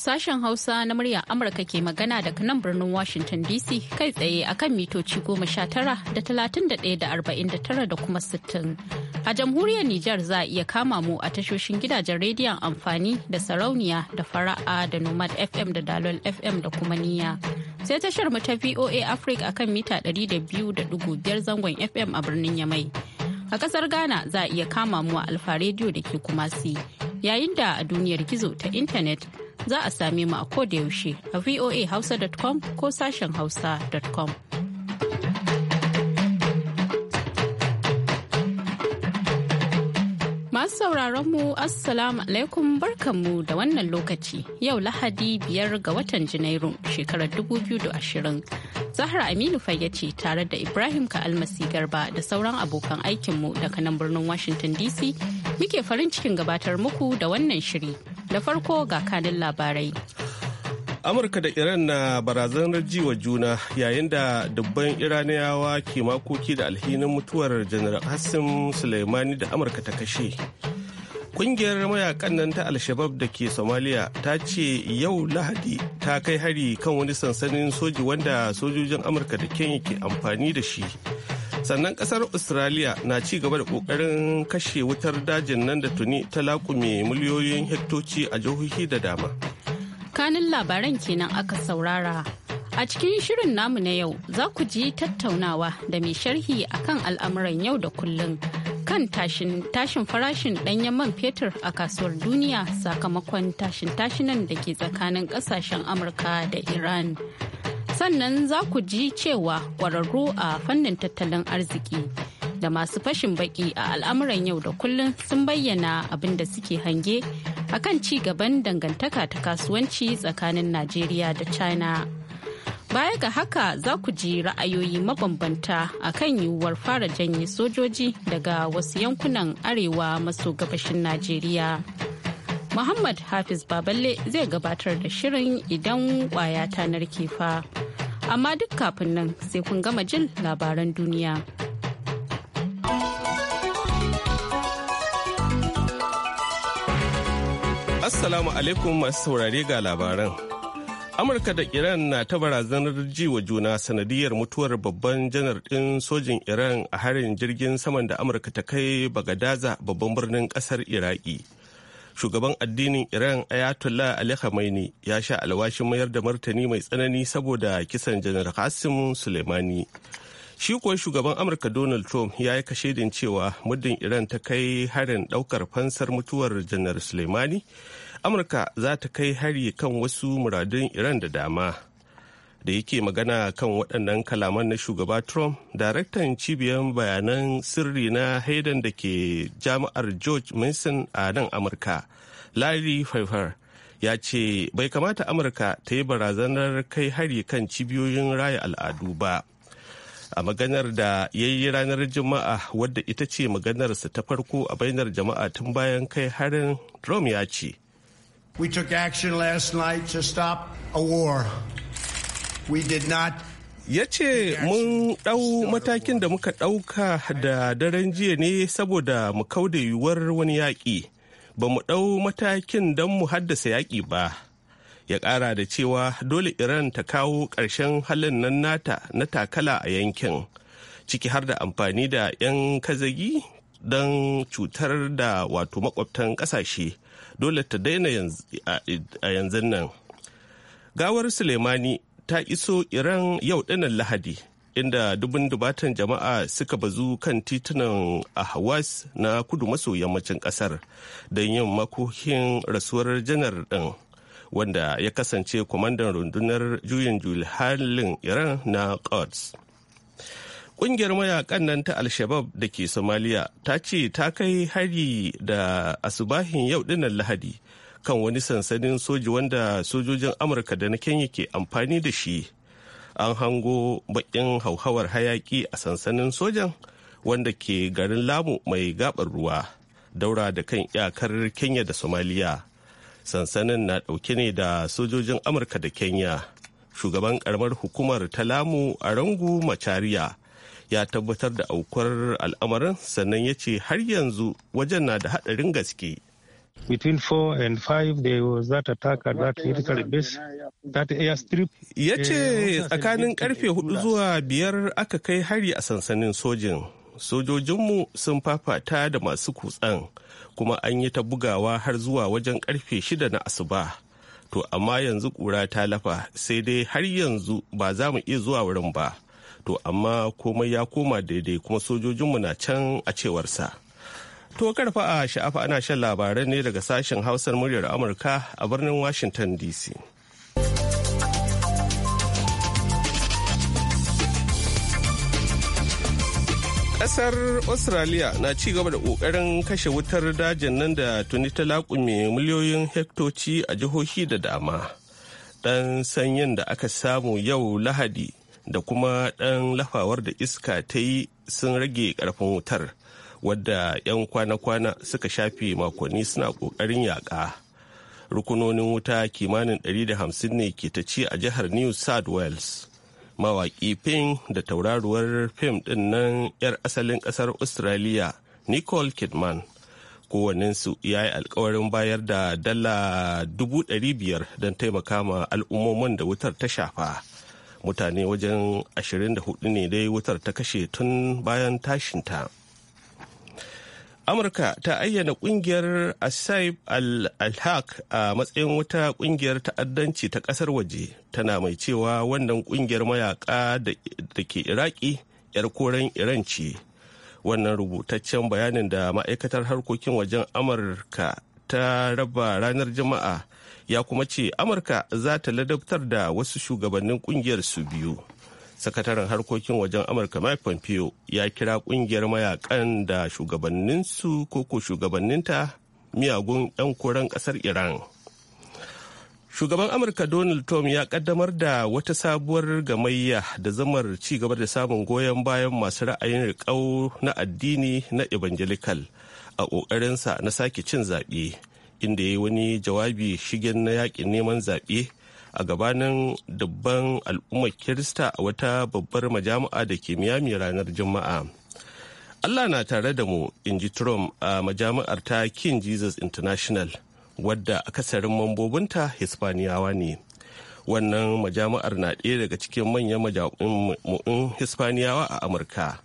Sashen Hausa na murya Amurka ke magana daga nan birnin Washington DC kai tsaye akan mitoci goma sha tara da talatin da ɗaya da arba'in da tara da kuma sittin. A jamhuriyar Nijar za a iya kama mu a tashoshin gidajen rediyon amfani da sarauniya da fara'a da Nomad FM da Dalol FM da kuma niya. Sai tashar mu ta VOA Africa akan mita ɗari da biyu da ɗigo biyar zangon FM a birnin Yamai. A ƙasar Ghana za a iya kama mu a Alfa rediyo da ke Kumasi. Yayin da a duniyar gizo ta intanet za a same mu a ko da yaushe a voahausa.com ko sashen hausa.com. Masu sauraron mu Assalamu alaikum barkanmu da wannan lokaci yau Lahadi biyar ga watan Janairu shekarar dubu biyu da ashirin Zahra Aminu Fage ce tare da Ibrahim Ka'almasi Garba da sauran abokan aikinmu daga nan birnin Washington DC muke farin cikin gabatar muku da wannan shiri. Da farko ga kanin labarai. amurka da iran na barazanar ji wa juna yayin da dubban iraniyawa ke makoki da alhinin mutuwar janar hassan suleimani da amurka ta kashe kungiyar mayakan nan ta alshabab da ke somalia ta ce yau lahadi ta kai hari kan wani sansanin soji wanda sojojin amurka da kenya ke amfani da shi sannan kasar australia na ci gaba da kokarin kashe wutar dajin nan da tuni ta laƙume miliyoyin hektoci a jihohi da dama kanin labaran kenan aka saurara a cikin shirin namu na yau za ku ji tattaunawa da mai sharhi akan al'amuran yau da kullum kan tashin farashin ɗanyen man fetur a kasuwar duniya sakamakon tashin tashinan da ke tsakanin ƙasashen amurka da iran sannan za ku ji cewa kwararru a fannin tattalin arziki da masu fashin baki a al'amuran yau da kullum sun bayyana abin da suke hange akan ci gaban dangantaka ta kasuwanci tsakanin najeriya da china baya ga haka za ku ji ra'ayoyi mabambanta a kan yiwuwar fara janye sojoji daga wasu yankunan arewa maso gabashin najeriya muhammad hafiz baballe zai gabatar da shirin idan kwaya ta narke fa. amma duk kafin nan sai kun gama jin labaran duniya. Assalamu alaikum masu saurare ga labaran. Amurka da Iran na ta barazanar ji wa juna sanadiyar mutuwar babban janar ɗin sojin Iran a harin jirgin saman da Amurka ta kai Bagadaza babban birnin ƙasar Iraki. shugaban addinin iran ayatollah ali khamenei ya sha alwashin mayar da martani mai tsanani saboda kisan janar qasim suleimani shi kuwa shugaban amurka donald trump ya yi kashedin cewa muddin iran ta kai harin daukar fansar mutuwar janar suleimani amurka za ta kai hari kan wasu muradun iran da dama da yake magana kan waɗannan kalaman na shugaba trump daraktan cibiyar bayanan sirri na haidan da ke jami'ar george mason a nan amurka larry pfeiffer ya ce bai kamata amurka ta yi barazanar kai hari kan cibiyoyin raya al'adu ba a maganar da ya yi ranar juma'a wadda ita ce maganarsa ta farko a bainar jama'a tun bayan kai harin trump ya ce We took action last night to stop a war ya ce mun ɗau matakin da muka ɗauka da daren jiya ne saboda mu kauda yiwuwar wani yaƙi ba mu ɗau matakin don mu haddasa yaƙi ba ya ƙara da cewa dole iran ta kawo ƙarshen halin nan nata na takala a yankin ciki har da amfani da 'yan kazagi don cutar da wato makwabtan ƙasashe dole ta daina a yanzu nan gawar suleimani ta iso Iran yau dinnan Lahadi, inda dubun dubatan jama'a suka bazu kan titunan Ahawas na kudu maso yammacin kasar don yin makokin rasuwar janar ɗin. wanda ya kasance kwamandan rundunar juyin halin iran na quds Ƙungiyar mayaƙan nan ta Alshabab da ke somaliya ta ce ta kai hari da asubahin yau dinnan Lahadi kan wani sansanin soji wanda sojojin amurka da na kenya ke amfani da shi an hango bakin hauhawar hayaki a sansanin sojan wanda ke garin lamu mai gabar ruwa daura da kan iyakar kenya da somaliya sansanin na dauke ne da sojojin amurka da kenya shugaban karamar hukumar ta lamu a rangu macariya ya tabbatar da aukuwar al'amarin sannan ya ce har yanzu wajen na da haɗarin gaske Between four and 5 there was that attack that military base. That Ya ce eh, tsakanin karfe huɗu zuwa biyar aka kai hari a sansanin sojin. Sojojinmu sun fafata da masu kutsan kuma an yi ta bugawa har zuwa wajen karfe shida na asuba. To amma yanzu kura ta lafa sai dai har yanzu ba za mu iya zuwa wurin ba. To amma komai ya koma daidai kuma sojojinmu na can a cewarsa. To karfa a sha'afa ana shan labaran ne daga sashen hausar muryar Amurka a birnin Washington DC. Ƙasar Australia na ci gaba da ƙoƙarin kashe wutar dajin nan da tuni ta laƙume miliyoyin hektoci a jihohi da dama. Ɗan sanyin da aka samu yau Lahadi da kuma ɗan lafawar da iska ta yi sun rage ƙarfin wutar. wadda 'yan kwana-kwana suka shafe makonni suna ƙoƙarin yaƙa rukunonin wuta kimanin 150 ne ke ta ci a jihar new south wales mawaƙi fim da tauraruwar fim ɗin nan 'yar asalin ƙasar australia nicole kidman kowanninsu ya yi alkawarin bayar da dala biyar don taimaka ma al'ummomin da wutar ta shafa mutane wajen 24 ne dai wutar ta kashe tun bayan tashinta. amurka ta ayyana kungiyar asaib al-haq a matsayin wata kungiyar ta'addanci ta kasar waje tana mai cewa wannan kungiyar mayaka da ke iraki yar koren iran ce wannan rubutaccen bayanin da ma'aikatar harkokin wajen amurka ta raba ranar jama'a ya kuma ce amurka za ta ladabtar da wasu shugabannin kungiyar su biyu sakataren harkokin wajen amurka mike pompeo ya kira kungiyar mayakan da shugabanninsu koko shugabanninta miyagun 'yan koren kasar iran shugaban amurka donald trump ya kaddamar da wata sabuwar gamayya da zamar ci gaba da samun goyon bayan masu ra'ayin riƙau na addini na evangelical a ƙoƙarinsa na sake cin zaɓe inda ya yi wani jawabi shigen na yaƙin neman zaɓe a gabanin dubban al'ummar kirista a wata babbar majami'a da ke miami ranar juma'a allah na tare da mu in ji trump a majami'ar ta king jesus international wadda akasarin mambobinta hispaniyawa ne wannan majami'ar na ɗaya daga cikin manyan majami'un hispaniyawa a amurka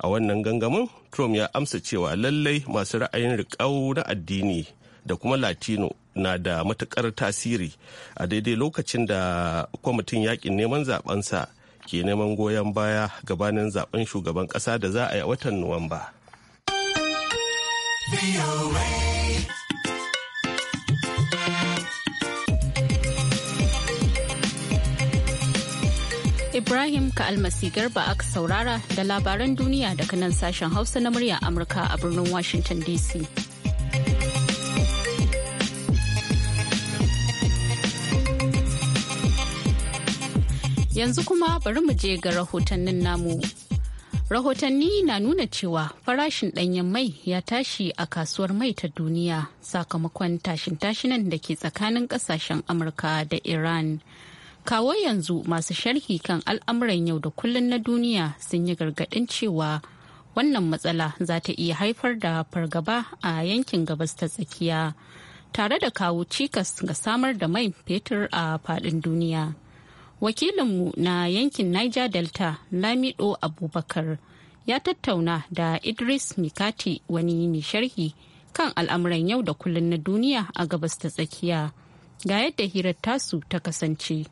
a wannan gangamin trump ya amsa cewa lallai masu ra'ayin riƙau na addini da kuma latino na da matukar tasiri a daidai lokacin da kwamitin yakin neman zabensa ke neman goyon baya gabanin zaben shugaban kasa da za a yi watan nuwamba Ibrahim ka almasi garba aka saurara da labaran duniya daga nan sashen Hausa na murya Amurka a birnin Washington DC. Yanzu kuma bari mu je ga rahotannin namu. Rahotanni na nuna cewa farashin ɗanyen mai ya tashi a kasuwar mai ta duniya sakamakon tashin-tashinan da ke tsakanin ƙasashen Amurka da Iran. Kawo yanzu masu sharhi kan al'amuran yau da kullun na duniya sun yi gargaɗin cewa wannan matsala za ta iya haifar da fargaba a yankin gabas ta tsakiya tare da kawo cikas ga samar da mai fetur a faɗin duniya. wakilinmu na yankin niger delta lamido abubakar ya tattauna da idris mikati wani mai sharhi kan al'amuran yau da kullun na duniya a gabas ta tsakiya ga yadda hirar tasu ta kasance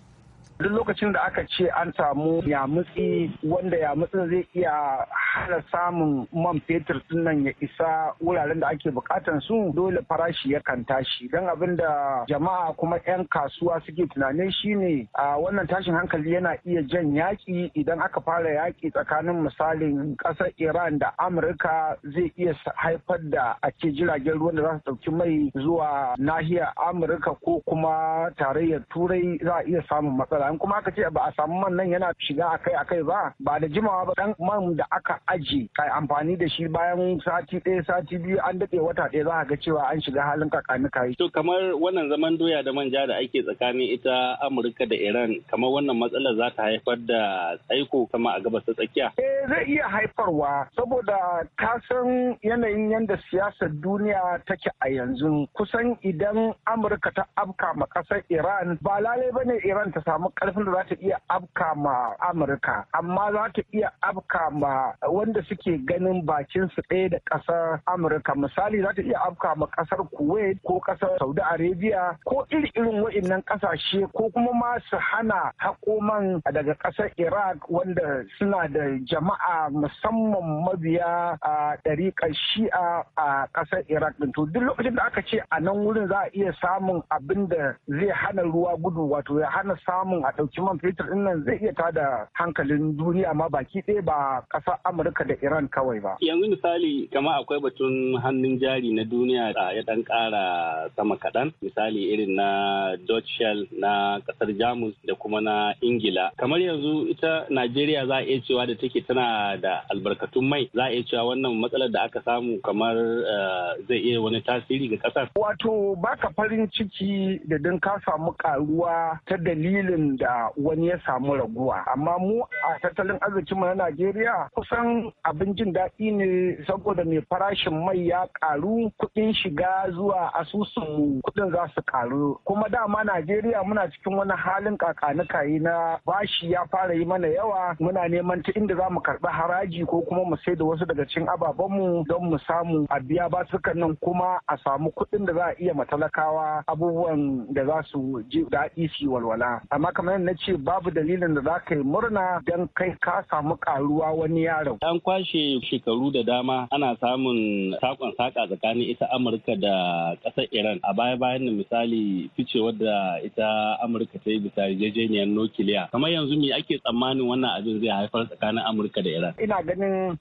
duk lokacin da aka ce an samu yamutsi wanda yamutsin zai iya hana samun man fetur nan ya isa wuraren da ake bukatan su dole farashi yakan tashi don abin da jama'a kuma 'yan kasuwa suke tunanin shine a wannan tashin hankali yana iya jan yaƙi idan aka fara yaƙi tsakanin misalin ƙasar iran da amurka zai iya haifar da ake jiragen ruwan da za su ɗauki mai zuwa nahiyar amurka ko kuma tarayyar turai za a iya samun matsala Bayan in kuma aka ce ba a samu man nan yana shiga akai akai ba ba da jimawa ba dan man da aka aje kai amfani da shi bayan sati ɗaya sati biyu an daɗe wata ɗaya za ga cewa an shiga halin kakani kai to kamar wannan zaman doya da manja da ake tsakanin ita Amurka da Iran kamar wannan matsalar za ta haifar da tsaiko kama a gabas ta tsakiya eh zai iya haifarwa saboda ka san yanayin yadda siyasar duniya take a yanzu kusan idan Amurka ta afka ma ƙasar Iran ba lalai bane Iran ta samu karfin da za ta iya afka ma amurka amma za ta iya afka ma wanda suke ganin bakin su ɗaya da ƙasar amurka misali za ta iya afka ma ƙasar kuwait ko ƙasar saudi arabia ko iri irin wa'innan ƙasashe ko kuma ma su hana hakoman daga ƙasar iraq wanda suna da jama'a musamman mabiya a ɗariƙar shi'a a ƙasar iraq ɗin to duk lokacin da aka ce a nan wurin za a iya samun abin da zai hana ruwa gudu wato ya hana samun a ɗauki man fetur ɗin nan zai iya tada hankalin duniya ma baki ɗaya ba ƙasa Amurka da Iran kawai ba. Yanzu misali kama akwai batun hannun jari na duniya da ya ɗan ƙara sama kaɗan misali irin na Dutch Shell na ƙasar Jamus da kuma na Ingila. Kamar yanzu ita Najeriya za a iya cewa da take tana da albarkatun mai za a iya cewa wannan matsalar da aka samu kamar eh, zai iya wani tasiri ga ƙasar. Wato baka farin ciki da don ka samu ƙaruwa ta dalilin da wani ya samu raguwa amma mu a tattalin arzikin mu na Najeriya kusan abin jin daɗi ne saboda mai farashin mai ya karu kuɗin shiga zuwa asusun kuɗin za su karu kuma dama Najeriya muna cikin wani halin kakanikayi na bashi ya fara yi mana yawa muna neman ta inda za mu karɓi haraji ko kuma mu sai da wasu daga cikin ababenmu don mu samu a biya basukan nan kuma a samu kuɗin da za a iya matalakawa abubuwan da za su ji daɗi su walwala amma Nan na ce babu dalilin da za ka yi murna don kai ka samu karuwa wani yaron. An kwashe shekaru da dama ana samun sakon saka tsakanin ita Amurka da ƙasar Iran. A baya-bayan da misali ficewar da ita Amurka ta yi bisa yarjejeniyar nukiliya. Kamar yanzu me ake tsammanin wannan abin zai haifar tsakanin Amurka da Iran? Ina ganin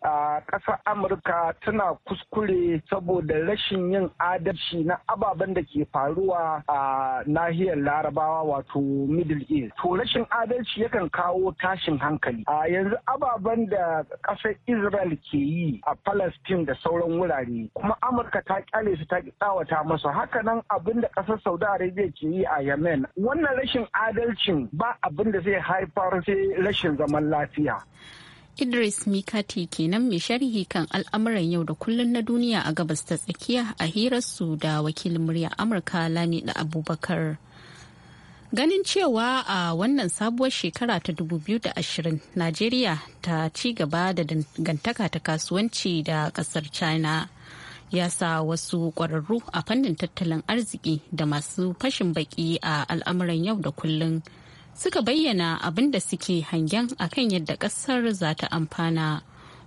ƙasar Amurka tana kuskure saboda rashin yin adalci na ababen da ke faruwa a nahiyar Larabawa wato Middle East. to rashin adalci yakan kawo tashin hankali a yanzu ababen da ƙasar israel ke yi a palestine da sauran wurare kuma amurka ta kyale su ta tsawata masu hakanan abin da ƙasar saudi arabia ke yi a yemen wannan rashin adalcin ba abin da zai haifar sai rashin zaman lafiya Idris Mikati kenan mai sharhi kan al'amuran yau da kullun na duniya a gabas ta tsakiya a hirar su da wakilin murya Amurka lami da Abubakar. Ganin cewa a wannan sabuwar shekara ta 2020 Najeriya ta ci gaba da dangantaka ta kasuwanci da kasar China ya sa wasu kwararru a fannin tattalin arziki da masu fashin baki a al'amuran yau da kullun suka bayyana abin da suke hangen a kan yadda kasar za ta amfana.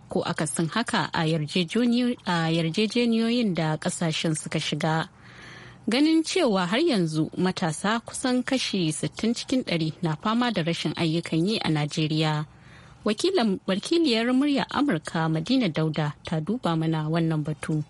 ko akasin haka a yarjejeniyoyin da kasashen suka shiga ganin cewa har yanzu matasa kusan kashi 60 cikin 100 na fama da rashin ayyukan yi a najeriya wakiliyar murya amurka madina dauda ta duba mana wannan batu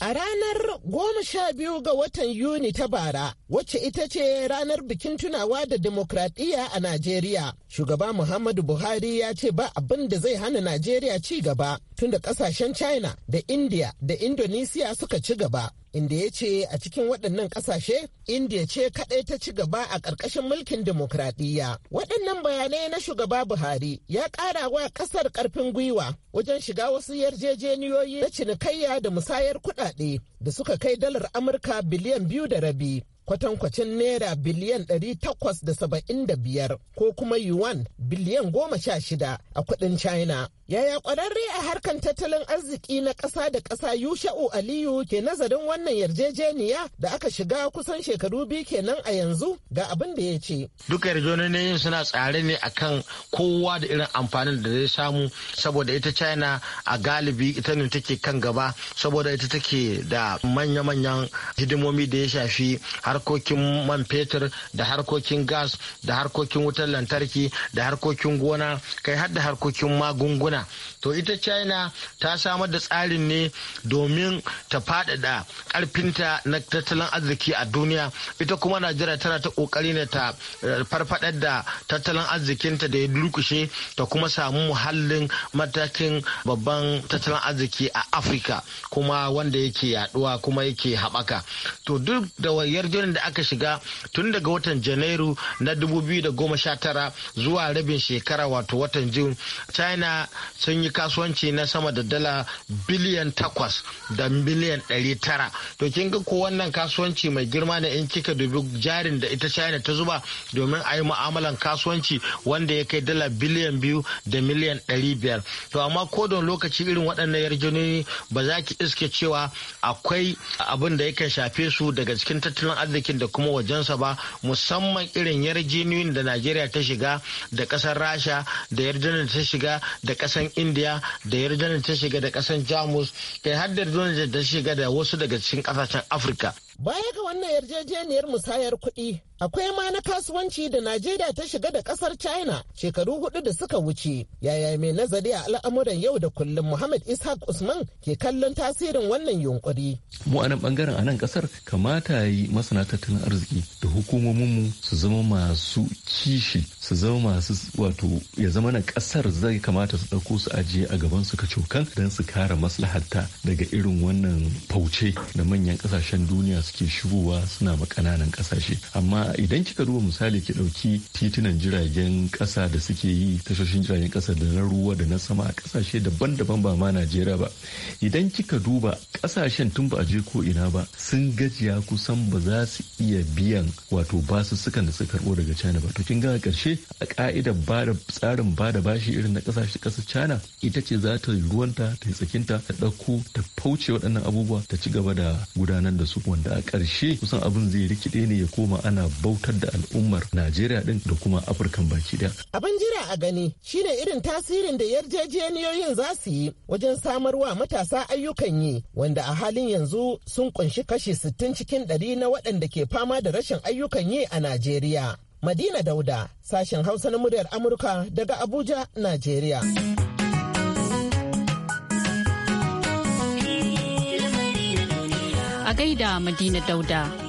A ranar goma sha biyu ga watan Yuni ta bara, wacce ita ce ranar bikin tunawa da demokradiyya a Najeriya, shugaba Muhammadu Buhari ya ce ba abin da zai hana Najeriya ci gaba tunda kasashen China da India da Indonesia suka ci gaba. inda ya ce a cikin waɗannan ƙasashe indiya ce kaɗai ta ci gaba a ƙarƙashin mulkin dimokuraɗiyya waɗannan bayanai na shugaba buhari ya ƙara wa ƙasar ƙarfin gwiwa wajen shiga wasu yarjejeniyoyi na cinikayya da musayar kuɗaɗe da suka kai dalar amurka biliyan biyu da rabi kwatankwacin naira biliyan ɗari takwas da da saba'in biyar ko kuma yuan biliyan goma sha shida a kuɗin china Yaya kwararre a harkar tattalin arziki na ƙasa da ƙasa Yusha'u Aliyu ke nazarin wannan yarjejeniya da aka shiga kusan shekaru biyu kenan a yanzu ga abin da ya ce. Duka yarjejeniyoyin suna tsare ne akan kowa da irin amfanin da zai samu saboda ita China a galibi ita ne take kan gaba saboda ita take da manya-manyan hidimomi da ya shafi harkokin man fetur da harkokin gas da harkokin wutar lantarki da harkokin gona kai har da harkokin magunguna china to ita china ta samar da tsarin ne domin ta faɗaɗa ƙarfinta na tattalin arziki a duniya ita kuma najeriya tana ta ƙoƙari ne ta eh, farfaɗar da tattalin arzikinta da ya durkushe ta kuma samu muhallin matakin babban tattalin arziki a afirka kuma wanda yake yaɗuwa kuma yake haɓaka to duk da yarjejeniyar da aka shiga tun daga watan janairu na 2019 zuwa rabin shekara wato watan jun china sun yi kasuwanci na sama da dala biliyan takwas da miliyan ɗari tara to kin ga ko wannan kasuwanci mai girma ne in kika dubi jarin da ita china ta zuba domin a yi mu'amalan kasuwanci wanda ya kai dala biliyan biyu da miliyan ɗari biyar to amma ko don lokaci irin waɗannan yarjejeniyoyi ba za ki iske cewa akwai abin da yakan shafe su daga cikin tattalin arzikin da kuma wajensa ba musamman irin yarjejeniyoyin da najeriya ta shiga da ƙasar rasha da yarjejeniyar ta shiga da ƙasar kasan indiya da yarda ta shiga da kasan jamus kai har da ta shiga da wasu daga cikin kasashen afirka baya ga wannan yarjejeniyar musayar kuɗi Akwai ma na kasuwanci da Najeriya ta shiga da kasar China shekaru hudu da suka wuce. Yaya mai nazari a al'amuran yau da kullum Muhammad Ishaq Usman ke kallon tasirin wannan yunkuri. Mu a nan bangaren a nan kasar kamata yi masana tattalin arziki da hukumominmu su zama masu kishi su zama masu wato ya zama na kasar zai kamata su dauko su ajiye a gaban su kacokan don su kare maslahata daga irin wannan fauce da manyan kasashen duniya suke shigowa suna ma ƙananan kasashe. Amma idan kika duba misali ki ɗauki titunan jiragen ƙasa da suke yi tashoshin jiragen ƙasa da na ruwa da na sama a kasashe daban-daban ba ma najeriya ba idan kika duba ƙasashen tun ba a je ko ina ba sun gajiya kusan ba za su iya biyan wato basussukan da suka karbo daga china ba to kin ga karshe a ƙa'idar bada tsarin bada bashi irin na ƙasashe ƙasar china ita ce za ta ruwanta ta tsakinta ta dauko ta fauce waɗannan abubuwa ta ci gaba da gudanar da su wanda a ƙarshe kusan abin zai rikide ne ya koma ana bautar da al'ummar najeriya din da kuma afirkan baki da. abin jira a gani shine irin tasirin da yarjejeniyoyin za su yi wajen samarwa matasa ayyukan yi wanda a halin yanzu sun kunshi kashi 60 cikin 100 na waɗanda ke fama da rashin ayyukan yi a najeriya madina dauda sashen hausa na muryar amurka daga abuja najeriya a gaida Madina Dauda.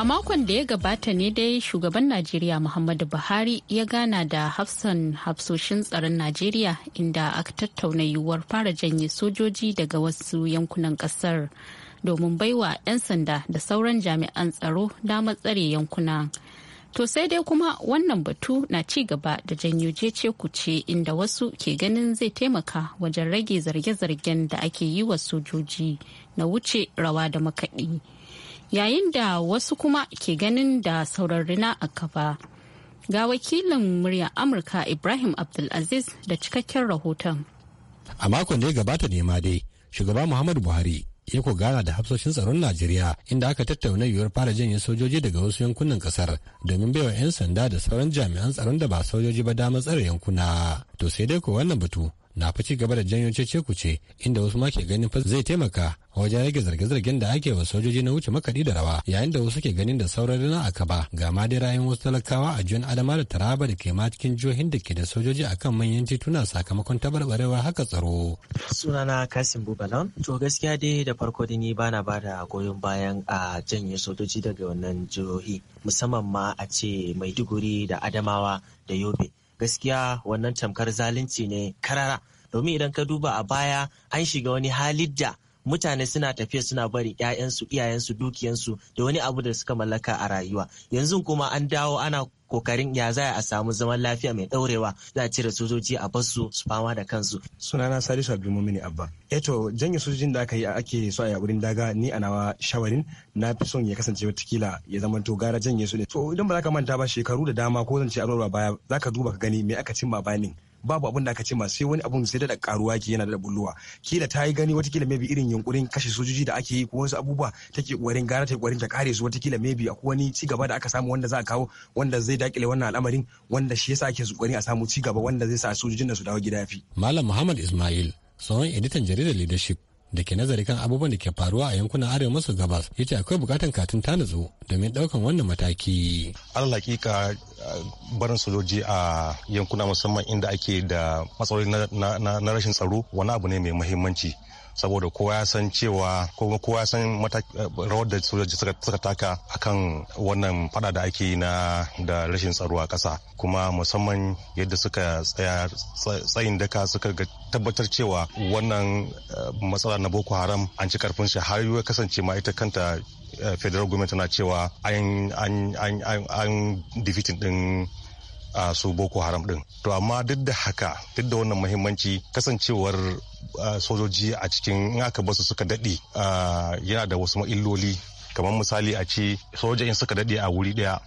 A makon da ya gabata ne dai shugaban Najeriya Muhammadu Buhari ya gana da hafsan hafsoshin tsaron Najeriya inda aka tattauna yiwuwar fara janye sojoji daga wasu yankunan kasar domin baiwa 'yan sanda da sauran jami'an tsaro damar tsare yankuna. To sai dai kuma wannan batu na ci gaba da janyo jece kuce inda wasu ke ganin zai taimaka wajen rage zarge-zargen da ake yi wa sojoji na wuce rawa da makaɗi. yayin da wasu kuma ke ganin da saurarina a kafa Ga wakilin murya Amurka Ibrahim Abdulaziz da cikakken rahoton. A makon da ya gabata ne ma dai, shugaba Muhammadu Buhari ya ko gana da hafsoshin tsaron Najeriya inda aka tattauna yiwuwar fara janye sojoji daga wasu yankunan kasar domin baiwa 'yan sanda da sauran jami'an tsaron da ba sojoji ba damar tsare yankuna. To sai dai ko wannan batu na fa ci gaba da janyo cece ce inda wasu ma ke ganin fa zai taimaka wajen rage zarge-zargen da ake wa sojoji na wuce makaɗi da rawa yayin da wasu ke ganin da saurari na aka ba ga ma dai rayuwar wasu talakawa a juyan adama da taraba da ke ma cikin jihohin da ke da sojoji akan manyan tituna sakamakon tabarbarewar haka tsaro. sunana kasim bubalan to gaskiya dai da farko da ni bana ba da goyon bayan a janye sojoji daga wannan jihohi musamman ma a ce maiduguri da adamawa da yobe gaskiya wannan tamkar zalunci ne karara domin idan ka duba a baya an shiga wani halin da mutane suna tafiya suna bari ƴaƴansu iyayensu dukiyansu da wani abu da suka mallaka a rayuwa yanzu kuma an dawo ana kokarin ya za a samu zaman lafiya mai ɗaurewa za a cire sojoji a basu su fama da kansu. sunana salisu mini abba eto eh janye sojojin da aka yi ake so a wurin daga ni a nawa shawarin na fi son ya kasance watakila ya zama to gara janye su ne to idan ba za ka manta ba shekaru da dama ko zan ce a baya za ka duba ka gani me aka cimma bayanin babu abin da aka ce ma sai wani abun sai da karuwa ke yana da bulluwa kila ta yi gani watakila maybe irin yunkurin kashe sojoji da ake yi ko wasu abubuwa take kokarin gara ta kwarin ta kare su watakila maybe akwai wani ci gaba da aka samu wanda za a kawo wanda zai dakile wannan al'amarin wanda shi yasa ake kokarin a samu ci gaba wanda zai sa sojojin da su dawo gida fi malam muhammad ismail tsohon editan jaridar leadership da ke nazari kan abubuwan da ke faruwa a yankunan arewa maso gabas ya ce akwai bukatan katin ta nutsu domin daukan wannan mataki. alhakika hakika eh, barin sojoji a yankuna musamman inda ake da matsaloli na rashin tsaro wani abu ne mai muhimmanci saboda kowa ya san cewa ko kowa ya san rawar da sojoji suka taka akan wannan fada da ake yi na da rashin tsaro a kasa kuma musamman yadda suka tsaya tsayin daka suka tabbatar cewa wannan eh, matsala na boko haram an ci karfin shi har ya kasance ma ita kanta eh, federal government na cewa an defeating din a su boko haram din to amma duk da haka duk da wannan muhimmanci kasancewar sojoji a cikin in aka basu suka daɗe yana da wasu illoli kamar misali a ce soja in suka daɗe a wuri ɗaya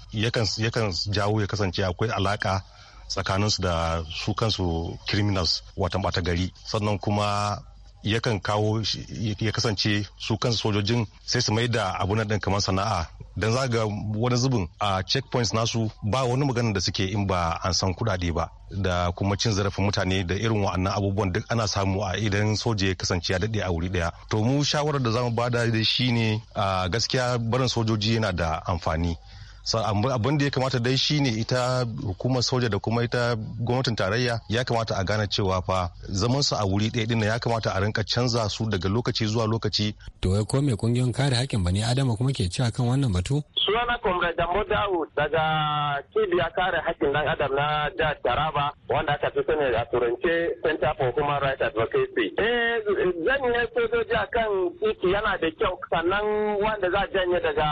yakan jawo ya kasance akwai alaka tsakaninsu da su kansu criminals watan gari sannan kuma yakan kawo ya kasance su kansu sojojin sai su mai da abu na ɗin kamar sana'a don za ga wani zubin a checkpoints nasu ba wani magana da suke in ba an san kuɗaɗe ba da kuma cin zarafin mutane da irin wa'annan abubuwan duk ana samu a idan soja ya kasance ya daɗe a wuri ɗaya to mu shawarar da zamu bada da shi ne a gaskiya barin sojoji yana da amfani abin da ya kamata dai shine ita hukumar soja da kuma ita gwamnatin tarayya ya kamata a gane cewa fa zaman su a wuri ɗaya din ya kamata a rinka canza su daga lokaci zuwa lokaci to wai ko me kungiyoyin kare haƙƙin bani adama kuma ke cewa kan wannan batu sunana comrade da Dawo daga cibiyar kare haƙƙin ɗan adam na da Taraba wanda aka fi sani a turance Center for Human Rights Advocacy. Eh janye sojoji akan titi yana da kyau sannan wanda za a janye daga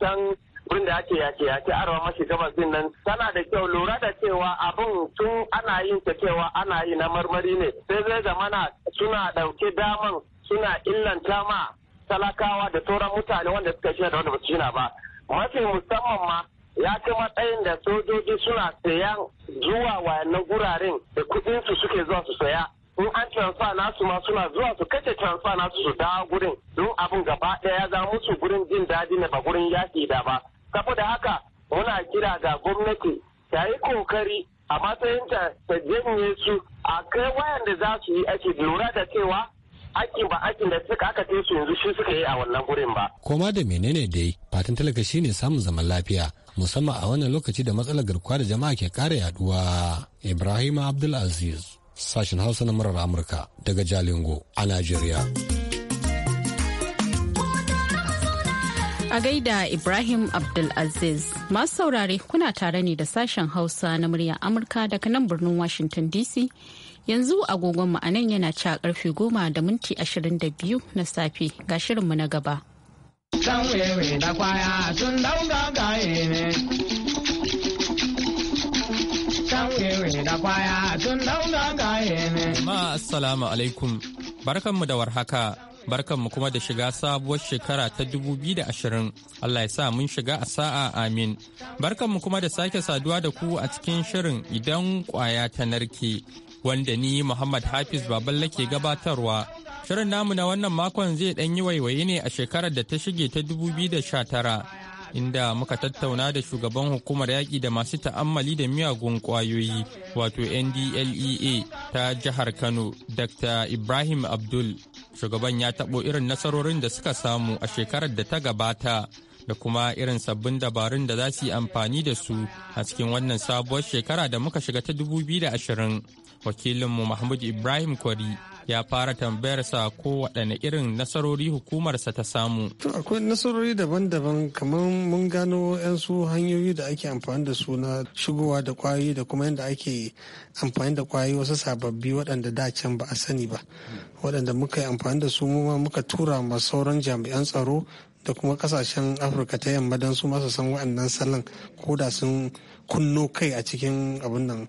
can wurin da ake yake yake arewa mashi gabas din nan tana da kyau lura da cewa abin tun ana yin ta cewa ana yi na marmari ne sai zai zamana suna ɗauke daman suna illanta ma talakawa da sauran mutane wanda suka shi da wanda ba su shina ba mafi musamman ma ya kai matsayin da sojoji suna sayan zuwa wayannan guraren da kuɗinsu suke zuwa su saya in an transfer nasu ma suna zuwa su kace transfer nasu su dawo gurin don abin gaba ɗaya ya zama musu gurin jin daɗi na ba gurin yaƙi da ba saboda haka muna kira ga gwamnati ta yi kokari a matsayin ta ta janye su a kai wayan da za su yi ake lura da cewa aki ba aikin da suka aka kai su yanzu shi suka yi a wannan gurin ba. Koma da menene dai fatan talaka ne samun zaman lafiya musamman a wannan lokaci da matsalar garkuwa da jama'a ke kara yaduwa. Ibrahim Abdulaziz. sashen hausa na murar amurka daga jalingo a najeriya a gaida ibrahim abdulaziz masu saurare kuna tare ne da sashen hausa na muryar amurka daga nan birnin washington dc yanzu agogonmu a nan yana ci karfe goma da minti da biyu na safe ga shirinmu na gaba. kewe assalamu alaikum, barkanmu da warhaka. Barkanmu kuma da shiga sabuwar shekara ta dubu biyu da ashirin Allah ya sa mun shiga a sa'a amin. Barkanmu kuma da sake saduwa da ku a cikin shirin idan kwaya ta narke, wanda ni Muhammad Hafiz Baballe ke gabatarwa. Shirin namu na wannan makon zai ɗan yi waiwaye ne a shekarar da ta shige ta tara. inda muka tattauna da shugaban hukumar yaƙi da masu ta'ammali da miyagun ƙwayoyi wato ndlea ta jihar kano dr ibrahim abdul shugaban ya taɓo irin nasarorin da suka samu a shekarar da ta gabata da kuma irin sabbin dabarun da za su yi amfani da su a cikin wannan sabuwar shekara da muka shiga ta 2020 wakilinmu mahmud ibrahim kwari ya fara tambayarsa ko waɗanne irin nasarori hukumarsa ta samu. To akwai nasarori daban-daban kamar mun gano 'yan su hanyoyi da ake amfani da su na shigowa da kwayoyi da kuma yadda ake amfani da kwayoyi wasu sababbi waɗanda da can ba a sani ba. Waɗanda muka yi amfani da su kuma muka tura ma sauran jami'an tsaro da kuma kasashen afirka ta yamma don su masu san waɗannan salon ko da sun kunno kai a cikin abin nan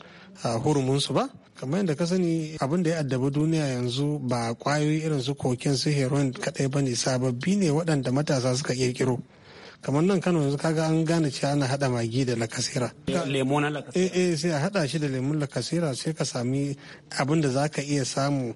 hurumunsu ba. kamar yadda ka sani abin da ya addaba duniya yanzu ba kwayoyi irin su kokin su heroin kadai bane sababbi ne waɗanda matasa suka kirkiro kamar nan kano yanzu kaga an gane cewa ana hada magi da lakasira na lakasira eh eh sai a hada shi da lemun lakasira sai ka sami abin da zaka iya samu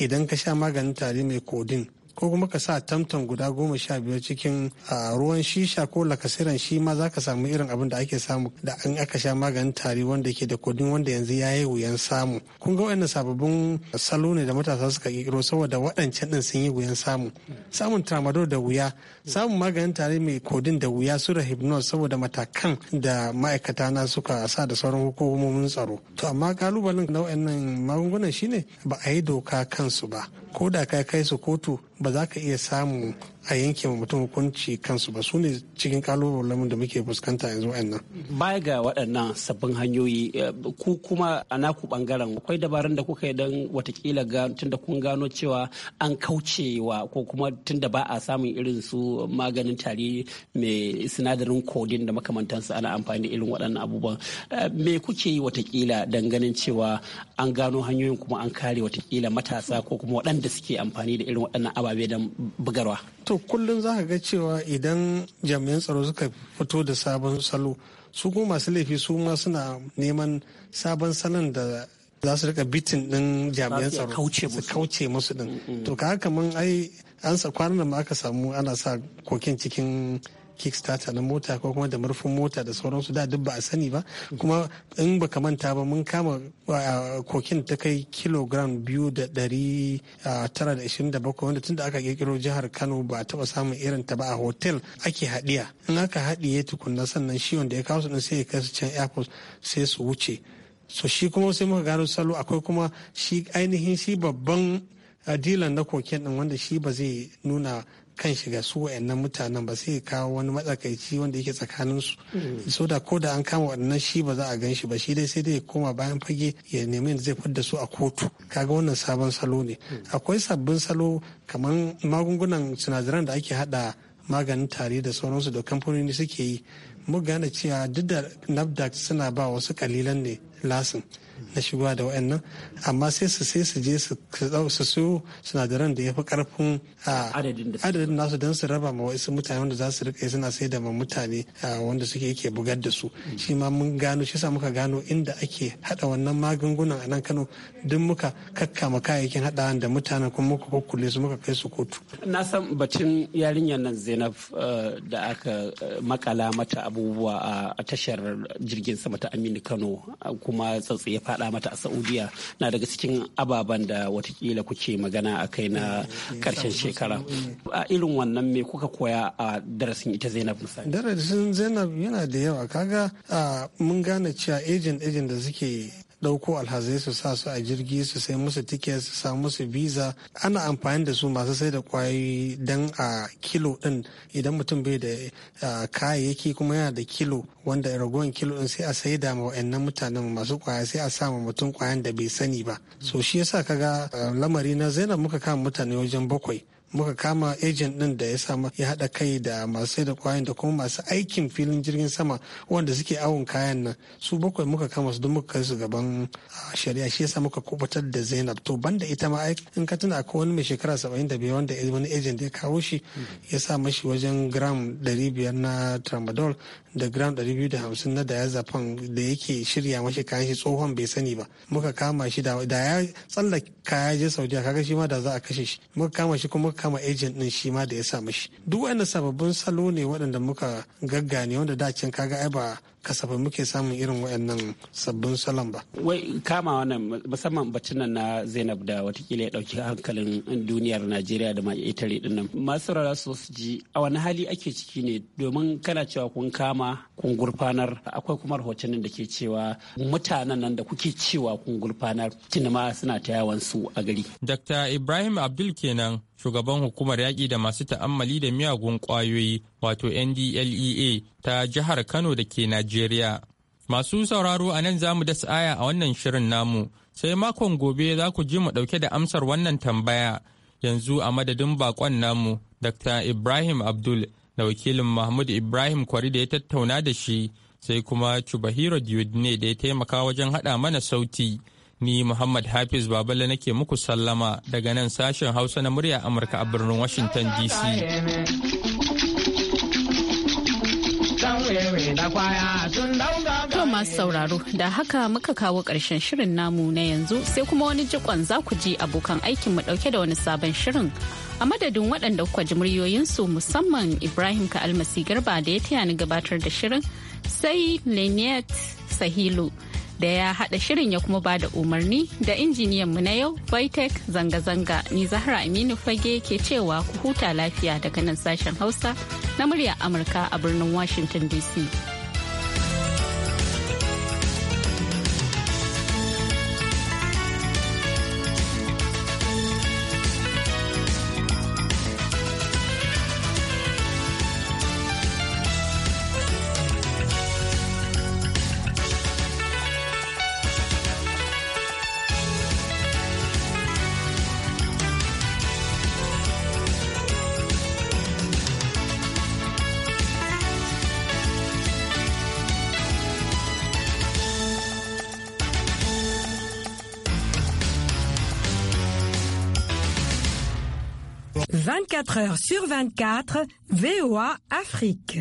idan ka sha maganin tari mai kodin ko kuma ka sa tamtam guda goma sha biyar cikin ruwan shisha ko lakasiran shi ma za ka samu irin abin da ake samu da an aka sha maganin tari wanda ke da kodin wanda yanzu ya yi wuyan samu kun ga waɗannan sababbin salo ne da matasa suka kirkiro saboda waɗancan ɗin sun yi wuyan samu samun tramadol da wuya samun maganin tari mai kodin da wuya su da hypnose saboda matakan da ma'aikata na suka sa da sauran hukumomin tsaro to amma kalubalen na wa'annan magungunan shine ba a yi doka kansu ba ko da ka kai su kotu ba za ka iya samu a yanke wa mutum hukunci kansu ba su ne cikin kalubalen da muke fuskanta yanzu nan. baya ga waɗannan sabbin hanyoyi eh, ku kuma a naku bangaren akwai dabarun da kuka yi don watakila tun da kun gano cewa an kaucewa ko kuma tun da ba a samun irin su maganin tari mai sinadarin kodin da makamantansu ana amfani da irin waɗannan abubuwan eh, me kuke yi watakila don ganin cewa an gano hanyoyin kuma an kare watakila matasa ko kuma waɗanda suke amfani da irin waɗannan ababe don bugarwa to kullum za ka ga cewa idan jami'an tsaro suka fito da sabon salo su kuma masu laifi su ma suna neman sabon salon da za su rika bitin din jami'an tsaro su kauce musu din to ka haka mun ai an sa kwanan ma aka samu ana sa kokin cikin kickstarter na mota ko kuma da murfin mota da sauransu da duk ba a sani ba kuma in ba ka manta ba mun kama ah, kokin ta kai kilogram biyu da ɗari ah, tara da ishirin da bakwai wanda tunda aka kirkiro jihar kano ba a taɓa samun irin ta ba a hotel ake haɗiya in aka haɗiye tukunna sannan shi wanda ya kawo su ɗin sai ya kai su can airport sai su wuce so shi kuma sai muka gano salo akwai kuma shi ainihin shi babban ah, dilan na koken din wanda shi ba zai nuna kan shiga su wayannan mutanen ba sai kawo wani matsakaici wanda yake tsakanin su mm. so da ko da an kama waɗannan shi ba za a gan shi ba shi dai sai dai ya koma bayan fage ya nemi zai fidda su a kotu kaga wannan sabon salo ne mm. akwai sabbin salo kamar magungunan sinadaran da ake hada maganin tare da sauransu da kamfanoni suke yi mu gane cewa duk da nafdac suna ba wasu kalilan ne lasin na shigowa da wayannan amma sai su sai su je su su sinadaran da ya fi karfin adadin nasu don su raba ma wasu mutane wanda za su rika suna sai da mutane wanda suke yake bugar da su shi ma mun gano shi sa muka gano inda ake hada wannan magungunan a nan Kano duk muka kakkama kayayyakin hadawa da mutanen kuma muka kukkule su muka kai su kotu na san batun yarinyar nan Zainab eh, da aka eh, makala mata abubuwa a tashar jirgin sama ta Aminu Kano kuma tsatsaye faɗa mata a Saudiya na daga cikin ababen da watakila kuke magana a kai na karshen shekara. A irin wannan me kuka koya a darasin ita Zainab Darasin Zainab yana da yawa kaga mun gane cewa ejin ejin da suke ɗauko alhazai su sa su a jirgi su sai musu tiket su sa musu visa ana amfani da su masu sai da kwayoyi don a kilo ɗin idan mutum bai da kayayyaki kuma yana da kilo wanda ragowar kilo din sai a sai da ma wa'annan mutanen masu kwaya sai a sa ma mutum kwayan da bai sani ba so shi yasa kaga lamari na zainab muka kama mutane wajen bakwai muka kama agent din da ya sama ya hada kai da masu sai da kwayan da kuma masu aikin filin jirgin sama wanda suke awon kayan nan su bakwai muka kama su don muka kai su gaban shari'a shi yasa muka kubutar da zainab to banda ita ma in ka tuna akwai wani mai shekara saba'in da biyar wanda wani agent ya kawo shi hmm. ya sa mashi wajen gram ɗari biyar na tramadol da gram 250 na diazepam da yake shirya mashi kayan shi tsohon bai sani ba muka kama shi da ya tsallaka ya je saudiya kaga shi ma da za a kashe shi muka kama shi kuma muka kama agent din shi ma da ya sa mashi duk wanda sababbin salo ne waɗanda muka gaggane wanda da can kaga ai ba kasafin muke samun irin waɗannan sabbin salon ba. Wai kama wannan musamman batun nan na Zainab da watakila ya ɗauki hankalin duniyar Najeriya da ma itare nan. Masu rara su ji a wani hali ake ciki ne domin kana cewa kun kama kun gurfanar akwai kuma rahoton da ke cewa mutanen nan da kuke cewa kun gurfanar tunama suna ta yawan su a gari. Dr. Ibrahim Abdul kenan shugaban hukumar yaƙi da masu ta'ammali da miyagun ƙwayoyi wato ndlea ta jihar kano da ke najeriya masu sauraro a nan za mu dasa aya a wannan shirin namu sai makon gobe za ku ji mu ɗauke da amsar wannan tambaya yanzu a madadin bakon namu dr ibrahim abdul da wakilin mahmud ibrahim kwari da ya tattauna da shi sai kuma chubahiro diodine da ya taimaka wajen haɗa mana sauti. Ni Muhammad Hafiz Babala nake muku sallama daga nan sashen Hausa na murya Amurka a birnin Washington DC. To masu sauraro da haka muka kawo ƙarshen shirin namu na yanzu sai kuma wani jikon za ku ji abokan aikinmu ɗauke da wani sabon shirin. A madadin waɗanda kuka ji muryoyinsu musamman Ibrahim Ka'almasi Garba da ya taya ni gabatar da shirin sai Lynette Sahilu. da ya haɗa shirin ya kuma bada umarni da injiniyan mu na yau Vitek zanga-zanga ni Zahra Aminu Fage ke cewa ku huta lafiya daga nan sashen Hausa na murya Amurka a birnin Washington DC. 24 heures sur 24, VOA Afrique.